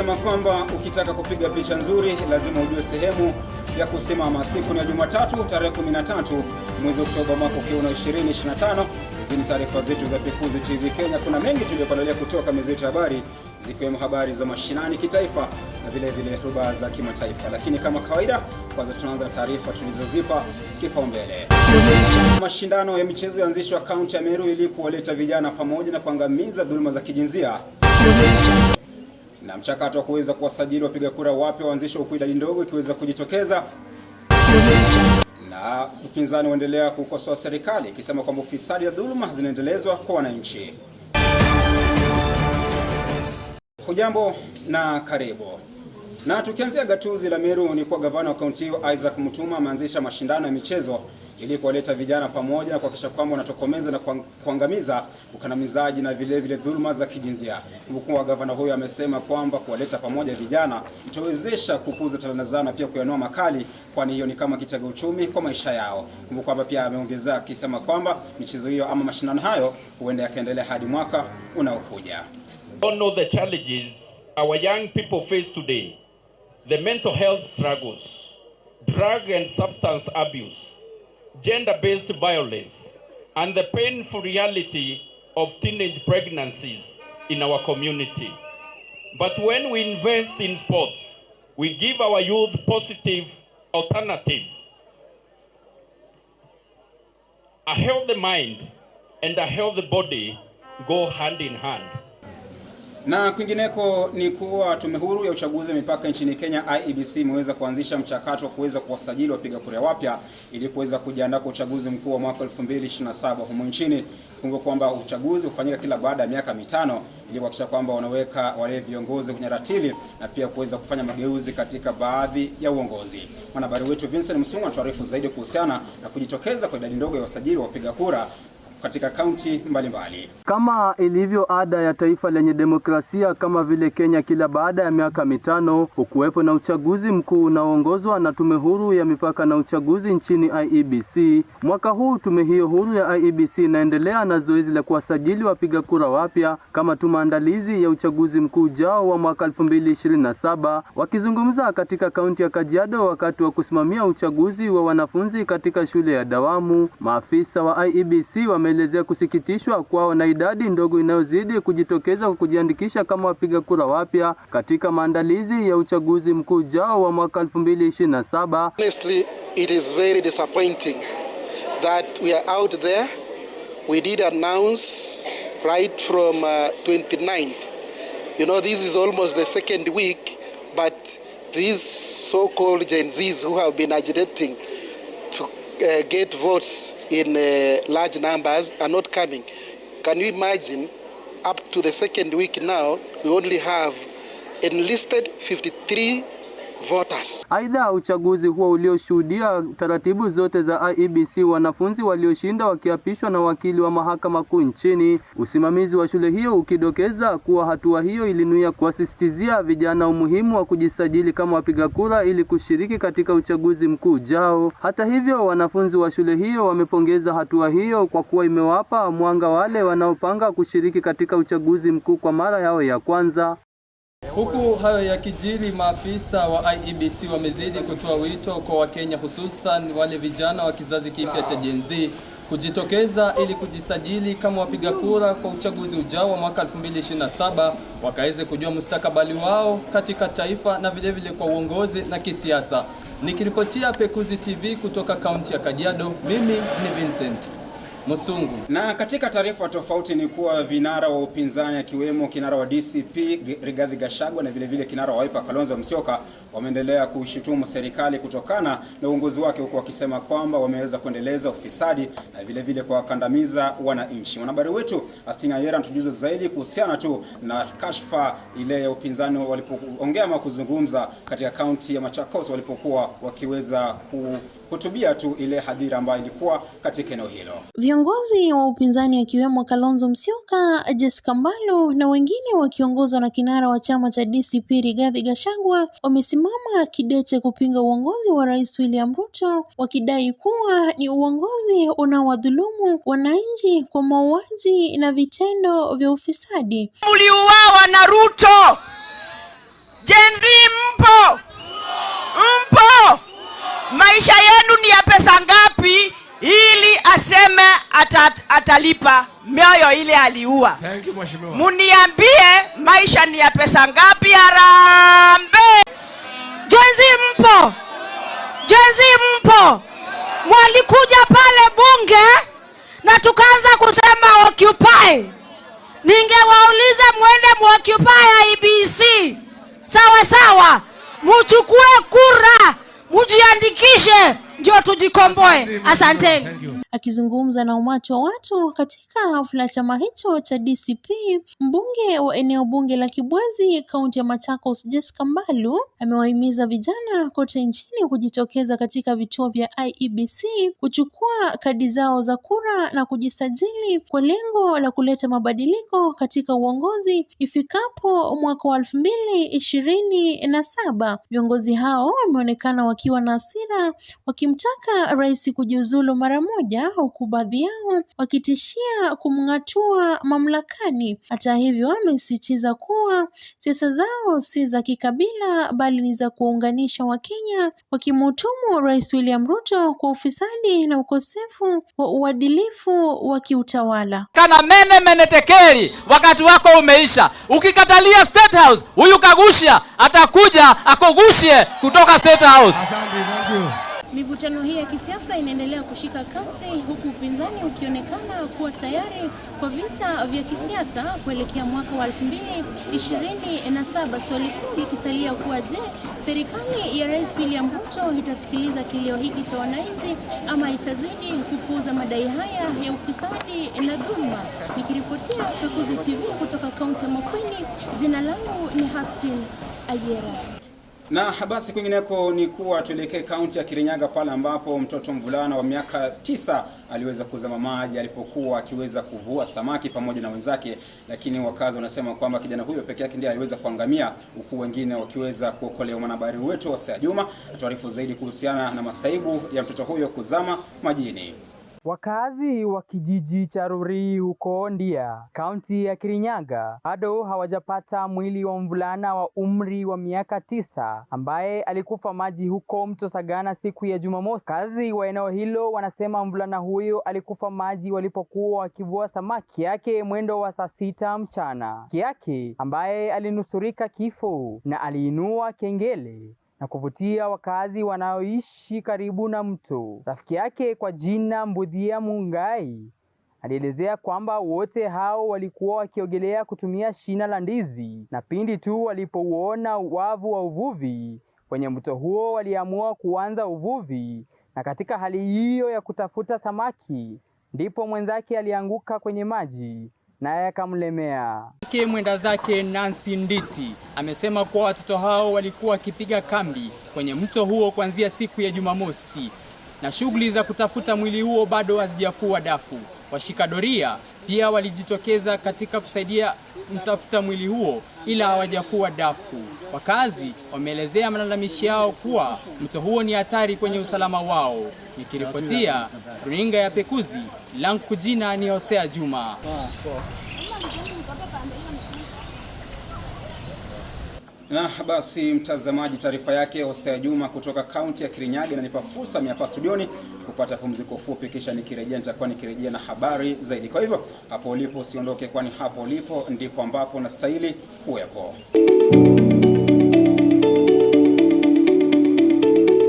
wanasema kwamba ukitaka kupiga picha nzuri lazima ujue sehemu ya kusimama. Siku ni ya Jumatatu tarehe 13 mwezi Oktoba mwaka ukiwa na 2025. Hizi ni taarifa zetu za Pekuzi TV Kenya. Kuna mengi tuliyokuandalia kutoka meza ya habari, zikiwemo habari za mashinani kitaifa na vile vile ruba za kimataifa, lakini kama kawaida, kwanza tunaanza na taarifa tulizozipa kipaumbele. Mashindano ya michezo yaanzishwa kaunti ya Meru ili kuwaleta vijana pamoja na kuangamiza dhuluma za kijinsia na mchakato wa kuweza kuwasajili wapiga kura wapya waanzisha huku idadi ndogo ikiweza kujitokeza na upinzani waendelea kukosoa serikali ikisema kwamba ufisadi na dhuluma zinaendelezwa kwa wananchi. Hujambo na karibu. Na tukianzia gatuzi la Meru, ni kuwa gavana wa kaunti hiyo Isaac Mutuma ameanzisha mashindano ya michezo ili kuwaleta vijana pamoja kuhakikisha kwamba wanatokomeza na kuangamiza ukandamizaji na vile vile dhuluma za kijinsia. Mkuu wa gavana huyo amesema kwamba kuwaleta pamoja vijana itawezesha kukuza talanta zao na pia kuyanua makali, kwani hiyo ni kama kitega uchumi kwa maisha yao. Kumbuka kwamba pia ameongezea akisema kwamba michezo hiyo ama mashindano hayo huenda yakaendelea hadi mwaka unaokuja. Don't know the challenges our young people face today. The mental health struggles, drug and substance abuse gender based violence, and the painful reality of teenage pregnancies in our community. But when we invest in sports, we give our youth positive alternative, a healthy mind and a healthy body go hand in hand. Na kwingineko ni kuwa Tume Huru ya Uchaguzi wa Mipaka nchini Kenya IEBC imeweza kuanzisha mchakato wa kuweza kuwasajili wapiga kura wapya ili kuweza kujiandaa kwa uchaguzi mkuu wa mwaka 2027 humu nchini. Kumbuka kwamba uchaguzi hufanyika kila baada ya miaka mitano ili kuhakikisha kwamba wanaweka wale viongozi kwenye ratili na pia kuweza kufanya mageuzi katika baadhi ya uongozi. Mwanahabari wetu Vincent Msungu anatuarifu zaidi kuhusiana na kujitokeza kwa idadi ndogo ya wasajili wa wapiga kura katika kaunti mbalimbali. Kama ilivyo ada ya taifa lenye demokrasia kama vile Kenya, kila baada ya miaka mitano ukuwepo na uchaguzi mkuu unaoongozwa na tume huru ya mipaka na uchaguzi nchini IEBC. Mwaka huu tume hiyo huru ya IEBC inaendelea na zoezi la kuwasajili wapiga kura wapya kama tu maandalizi ya uchaguzi mkuu ujao wa mwaka 2027. Wakizungumza katika kaunti ya Kajiado wakati wa kusimamia uchaguzi wa wanafunzi katika shule ya Dawamu, maafisa wa IEBC wame wameelezea kusikitishwa kwao na idadi ndogo inayozidi kujitokeza kwa kujiandikisha kama wapiga kura wapya katika maandalizi ya uchaguzi mkuu ujao wa mwaka 2027. Honestly, it is very disappointing that we are out there. We did announce right from uh, 29th. You know, this is almost the second week, but these so-called Gen Zs who have been agitating uh, get votes in uh, large numbers are not coming. Can you imagine? Up to the second week now, we only have enlisted 53 voters. Aidha, uchaguzi huo ulioshuhudia taratibu zote za IEBC, wanafunzi walioshinda wakiapishwa na wakili wa mahakama kuu nchini, usimamizi wa shule hiyo ukidokeza kuwa hatua hiyo ilinuia kuwasisitizia vijana umuhimu wa kujisajili kama wapiga kura ili kushiriki katika uchaguzi mkuu ujao. Hata hivyo, wanafunzi wa shule hiyo wamepongeza hatua hiyo kwa kuwa imewapa mwanga wale wanaopanga kushiriki katika uchaguzi mkuu kwa mara yao ya kwanza. Huku hayo yakijiri, maafisa wa IEBC wamezidi kutoa wito kwa Wakenya hususan wale vijana wa kizazi kipya cha Gen Z kujitokeza ili kujisajili kama wapiga kura kwa uchaguzi ujao wa mwaka 2027 wakaweze kujua mustakabali wao katika taifa na vilevile kwa uongozi na kisiasa. Nikiripotia Pekuzi TV kutoka kaunti ya Kajiado, mimi ni Vincent. Musungu. Na katika taarifa tofauti ni kuwa vinara wa upinzani akiwemo kinara wa DCP Rigathi Gachagua na vile vile kinara wa Wiper Kalonzo Musyoka wameendelea kushutumu serikali kutokana na uongozi wake, huku wakisema kwamba wameweza kuendeleza ufisadi na vile vile kuwakandamiza wananchi. Mwanahabari wetu Astina Yera anatujuza zaidi kuhusiana tu na kashfa ile ya upinzani walipoongea ama kuzungumza katika kaunti ya Machakos walipokuwa wakiweza ku kutubia tu ile hadhira ambayo ilikuwa katika eneo hilo. Viongozi wa upinzani akiwemo Kalonzo Musyoka, Jessica Mbalo na wengine wakiongozwa na kinara wa chama cha DCP Rigathi Gachagua wamesimama kidete kupinga uongozi wa Rais William Ruto wakidai kuwa ni uongozi unaowadhulumu wananchi kwa mauaji na vitendo vya ufisadi. Mliuawa na Ruto. Gen Z mpo maisha yenu ni ya pesa ngapi, ili aseme atat, atalipa mioyo ile aliua. Muniambie maisha ni ya pesa ngapi? Harambe jenzi mpo, jenzi mpo, mwalikuja pale bunge na tukaanza kusema occupy. Ningewauliza mwende muoccupy IBC, sawa sawa, muchukue kura mujiandikishe ndio tujikomboe. Asanteni. Akizungumza na umati wa watu katika hafla ya chama hicho cha DCP, mbunge wa eneo bunge la Kibwezi, kaunti ya Machakos, Jessica Mbalu amewahimiza vijana kote nchini kujitokeza katika vituo vya IEBC kuchukua kadi zao za kura na kujisajili kwa lengo la kuleta mabadiliko katika uongozi ifikapo mwaka wa elfu mbili ishirini na saba. Viongozi hao wameonekana wakiwa na hasira wakimtaka rais kujiuzulu mara moja yao huku baadhi yao wakitishia kumng'atua mamlakani. Hata hivyo, amesisitiza kuwa siasa zao si za kikabila bali ni za kuunganisha Wakenya, wakimhutumu Rais William Ruto kwa ufisadi na ukosefu wa uadilifu wa kiutawala. Kana mene mene tekeri, wakati wako umeisha. Ukikatalia State House, huyu kagusha atakuja akogushe kutoka State House. Asante, Mivutano hii kisiasa inaendelea kushika kasi huku upinzani ukionekana kuwa tayari kwa vita vya kisiasa kuelekea mwaka wa 2027, swali kuu likisalia kuwa je, serikali ya Rais William Ruto itasikiliza kilio hiki cha wananchi ama itazidi kupuuza madai haya ya ufisadi na dhuluma Nikiripotia Pekuzi TV kutoka kaunti ya Makueni, jina langu ni Hastin Ayera. Na basi kwingineko ni kuwa tuelekee kaunti ya Kirinyaga pale ambapo mtoto mvulana wa miaka tisa aliweza kuzama maji alipokuwa akiweza kuvua samaki pamoja na wenzake, lakini wakazi wanasema kwamba kijana huyo peke yake ndiye aliweza kuangamia huku wengine wakiweza kuokolewa. Mwanahabari wetu wa Juma atuarifu zaidi kuhusiana na masaibu ya mtoto huyo kuzama majini. Wakazi wa kijiji cha Ruri huko Ndia, kaunti ya Kirinyaga, bado hawajapata mwili wa mvulana wa umri wa miaka tisa ambaye alikufa maji huko Mto Sagana siku ya Jumamosi. Wakazi wa eneo hilo wanasema mvulana huyo alikufa maji walipokuwa wakivua samaki yake mwendo wa saa sita mchana. Kiaki ambaye alinusurika kifo na aliinua kengele na kuvutia wakazi wanaoishi karibu na mto. Rafiki yake kwa jina Mbudhia Mungai alielezea kwamba wote hao walikuwa wakiogelea kutumia shina la ndizi, na pindi tu walipouona wavu wa uvuvi kwenye mto huo waliamua kuanza uvuvi, na katika hali hiyo ya kutafuta samaki ndipo mwenzake alianguka kwenye maji naye akamlemea. Mwenda zake Nancy Nditi amesema kuwa watoto hao walikuwa wakipiga kambi kwenye mto huo kuanzia siku ya Jumamosi, na shughuli za kutafuta mwili huo bado hazijafua dafu. Washika doria pia walijitokeza katika kusaidia mtafuta mwili huo, ila hawajafua dafu. Wakazi wameelezea malalamishi yao kuwa mto huo ni hatari kwenye usalama wao. Nikiripotia runinga ya Pekuzi, langu jina ni Hosea Juma. Na basi mtazamaji, taarifa yake Hosea Juma kutoka kaunti ya Kirinyaga inanipa fursa mimi hapa studioni kupata pumziko fupi, kisha nikirejea nitakuwa nikirejea na habari zaidi. Kwa hivyo hapo ulipo usiondoke, kwani hapo ulipo ndipo ambapo unastahili kuwepo.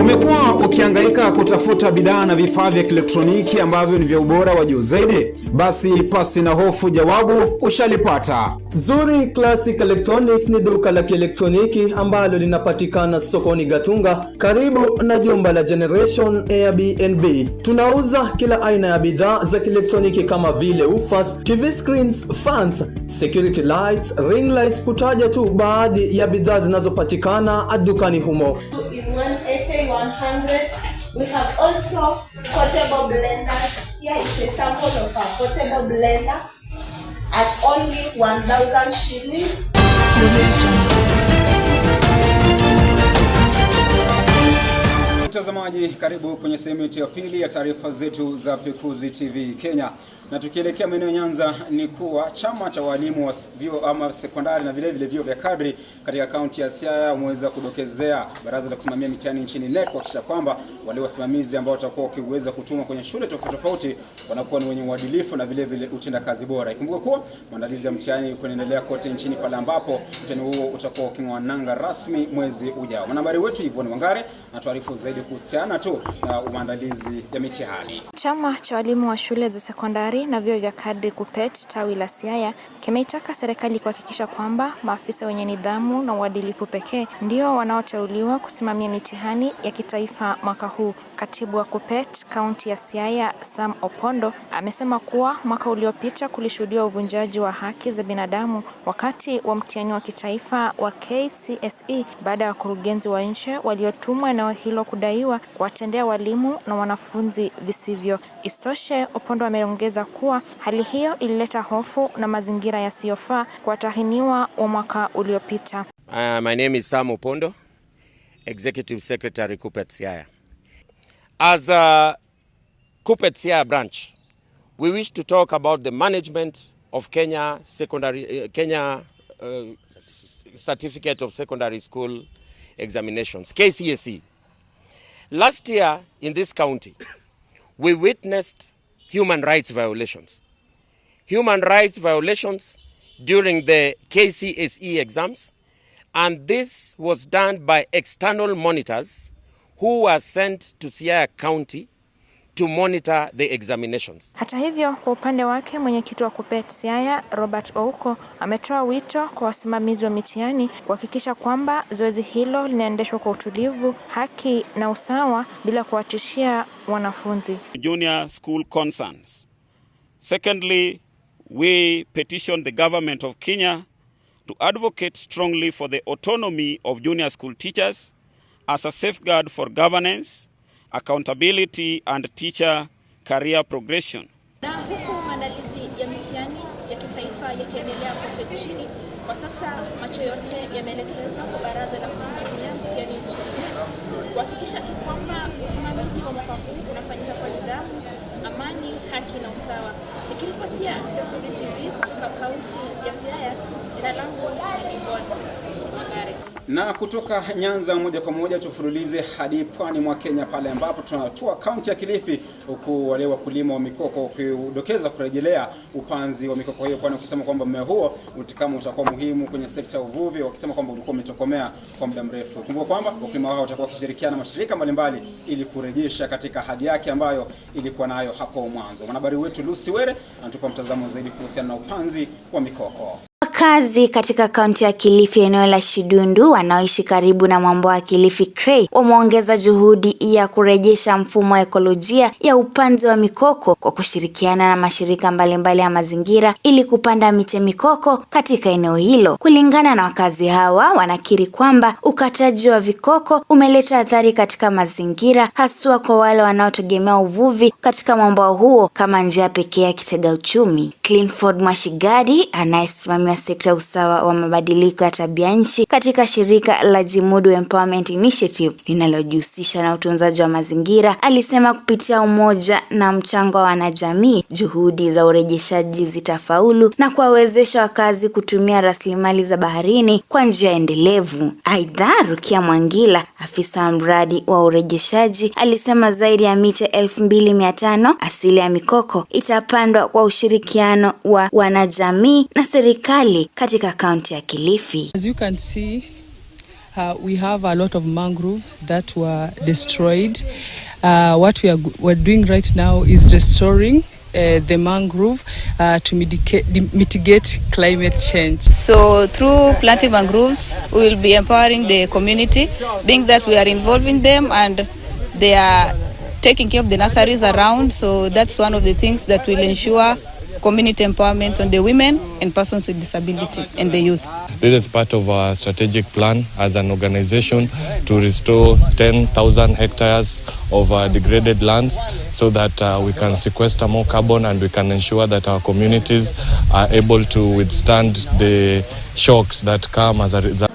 Umekuwa ukihangaika kutafuta bidhaa na vifaa vya kielektroniki ambavyo ni vya ubora wa juu zaidi? Basi pasi na hofu, jawabu ushalipata. Zuri Classic Electronics ni duka la kielektroniki ambalo linapatikana sokoni Gatunga karibu na jumba la Generation Airbnb. Tunauza kila aina ya bidhaa za kielektroniki kama vile ufas, TV screens, fans, security lights, ring lights, kutaja tu baadhi ya bidhaa zinazopatikana dukani humo. We have also portable blenders. Here is a sample of our portable blender at only 1000 shillings. Mtazamaji, karibu kwenye sehemu yetu ya pili ya taarifa zetu za Pekuzi TV Kenya. Na tukielekea maeneo Nyanza ni kuwa chama cha walimu wa vyuo ama sekondari na vile vile vyuo vya kadri katika kaunti ya Siaya umeweza kudokezea baraza la kusimamia mitihani nchini NEC kuhakikisha kwamba wale wasimamizi ambao watakuwa wakiweza kutumwa kwenye shule tofauti tofauti wanakuwa ni wenye uadilifu na vile vile utendakazi bora. Ikumbuke kuwa maandalizi ya mtihani kunaendelea kote nchini pale ambapo mtihani huo utakuwa uking'oa nanga rasmi mwezi ujao. Mwanahabari wetu Yvonne Wangare anatuarifu zaidi kuhusiana tu na maandalizi ya mitihani. Chama cha walimu wa shule za sekondari Habari na Vyuo vya Kadri KUPPET Tawi la Siaya kimeitaka serikali kuhakikisha kwamba maafisa wenye nidhamu na uadilifu pekee ndio wanaoteuliwa kusimamia mitihani ya kitaifa mwaka huu. Katibu wa KUPPET kaunti ya Siaya, Sam Opondo, amesema kuwa mwaka uliopita kulishuhudiwa uvunjaji wa haki za binadamu wakati wa mtihani wa kitaifa wa KCSE baada ya wakurugenzi wa nje waliotumwa eneo hilo kudaiwa kuwatendea walimu na wanafunzi visivyo. Isitoshe, Opondo ameongeza kuwa hali hiyo ilileta hofu na mazingira yasiyofaa kwa watahiniwa wa mwaka uliopita. Uh, my name is Sam Opondo, Executive Secretary Kupet Siaya. As a Kupet Siaya branch, we wish to talk about the management of Kenya secondary uh, Kenya uh, Certificate of Secondary School Examinations, KCSE. Last year in this county we witnessed human rights violations. Human rights violations during the KCSE exams, and this was done by external monitors who were sent to Sierra County to monitor the examinations. Hata hivyo, kwa upande wake mwenyekiti wa KUPPET Siaya Robert Ouko ametoa wito kwa wasimamizi wa mitihani kuhakikisha kwamba zoezi hilo linaendeshwa kwa utulivu, haki na usawa bila kuwatishia wanafunzi. Junior school concerns. Secondly, we petition the government of Kenya to advocate strongly for the autonomy of junior school teachers as a safeguard for governance accountability and teacher career progression. Na huku maandalizi ya mitihani ya kitaifa yakiendelea kote nchini, kwa sasa macho yote yameelekezwa kwa Baraza la Kusimamia Mtihani nchini kuhakikisha tu kwamba usimamizi wa mwaka huu unafanyika kwa nidhamu, amani, haki na usawa. Nikiripotia Pekuzi TV kutoka kaunti ya Siaya, jina langu ni Yvonne Magare. Na kutoka Nyanza moja kwa moja tufululize hadi pwani mwa Kenya pale ambapo tunatua kaunti ya Kilifi, huku wale wakulima wa mikoko wakidokeza kurejelea upanzi wa mikoko hiyo, kwani wakisema kwamba mmea huo kama utakuwa muhimu kwenye sekta ya uvuvi, wakisema kwamba ulikuwa umetokomea kwa muda mrefu. Kumbuka kwamba wakulima wao watakuwa wakishirikiana na mashirika mbalimbali ili kurejesha katika hadhi yake ambayo ilikuwa nayo hapo mwanzo. Mwanahabari wetu Lucy Were anatupa mtazamo zaidi kuhusiana na upanzi wa mikoko. Wakazi katika kaunti ya Kilifi eneo la Shidundu wanaoishi karibu na mwambao wa Kilifi Cray wameongeza juhudi ya kurejesha mfumo wa ekolojia ya upanzi wa mikoko kwa kushirikiana na mashirika mbalimbali mbali ya mazingira ili kupanda miche mikoko katika eneo hilo. Kulingana na wakazi hawa, wanakiri kwamba ukataji wa vikoko umeleta athari katika mazingira, haswa kwa wale wanaotegemea uvuvi katika mwambao huo kama njia pekee ya kitega uchumi. Clinford Mwashigadi anayesimamia sekta usawa wa mabadiliko ya tabia nchi katika shirika la Jimudu Empowerment Initiative linalojihusisha na utunzaji wa mazingira, alisema kupitia umoja na mchango wa wanajamii, juhudi za urejeshaji zitafaulu na kuwawezesha wakazi kutumia rasilimali za baharini kwa njia endelevu. Aidha, Rukia Mwangila, afisa wa mradi wa urejeshaji, alisema zaidi ya miche elfu mbili mia tano asili ya mikoko itapandwa kwa ushirikiano wa wanajamii na serikali mbili katika kaunti ya Kilifi. As you can see, uh, we have a lot of mangrove that were destroyed. Uh, what we are, we're doing right now is restoring Uh, the mangrove uh, to mitigate climate change. So through planting mangroves, we will be empowering the community, being that we are involving them and they are taking care of the nurseries around. So that's one of the things that will ensure community empowerment on the women and persons with disability and the youth. This is part of our strategic plan as an organization to restore 10,000 hectares of uh, degraded lands so that uh, we can sequester more carbon and we can ensure that our communities are able to withstand the shocks that come as a result.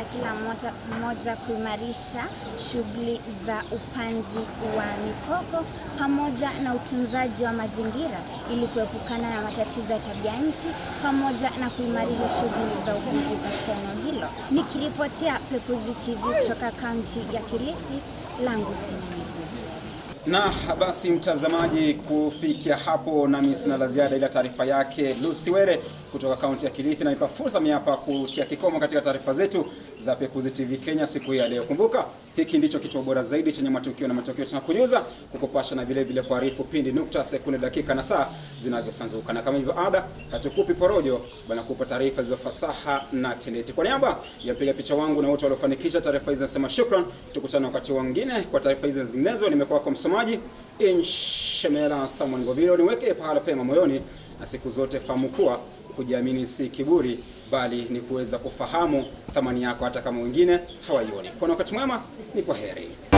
la kila mmoja, moja kuimarisha shughuli za upanzi wa mikoko pamoja na utunzaji wa mazingira ili kuepukana na matatizo ya tabia nchi pamoja na kuimarisha shughuli za uvuvi katika eneo hilo. Nikiripotia Pekuzi TV kutoka kaunti ya Kilifi, langu jina ni Na basi mtazamaji, kufikia hapo nami sina la ziada, ila taarifa yake Lucy Were kutoka kaunti ya Kilifi, na nipa fursa mimi hapa kutia kikomo katika taarifa zetu za Pekuzi TV Kenya siku ya leo. Kumbuka hiki ndicho kituo bora zaidi chenye matukio na matokeo tunakujuza, kukupasha na vile vile kuarifu pindi, nukta, sekunde, dakika na saa zinavyosanzuka, na kama hivyo ada, hatukupi porojo bali kupa taarifa za fasaha na tendeti. Kwa niaba ya mpiga picha wangu na wote waliofanikisha taarifa hizi, nasema shukran. Tukutane wakati mwingine kwa taarifa hizi zinginezo. Nimekuwa kwa msomaji Inshemela Samuel Govilo, niweke pahala pema moyoni na siku zote fahamu kuwa kujiamini si kiburi, bali ni kuweza kufahamu thamani yako hata kama wengine hawaioni. Kwa wakati mwema, ni kwa heri.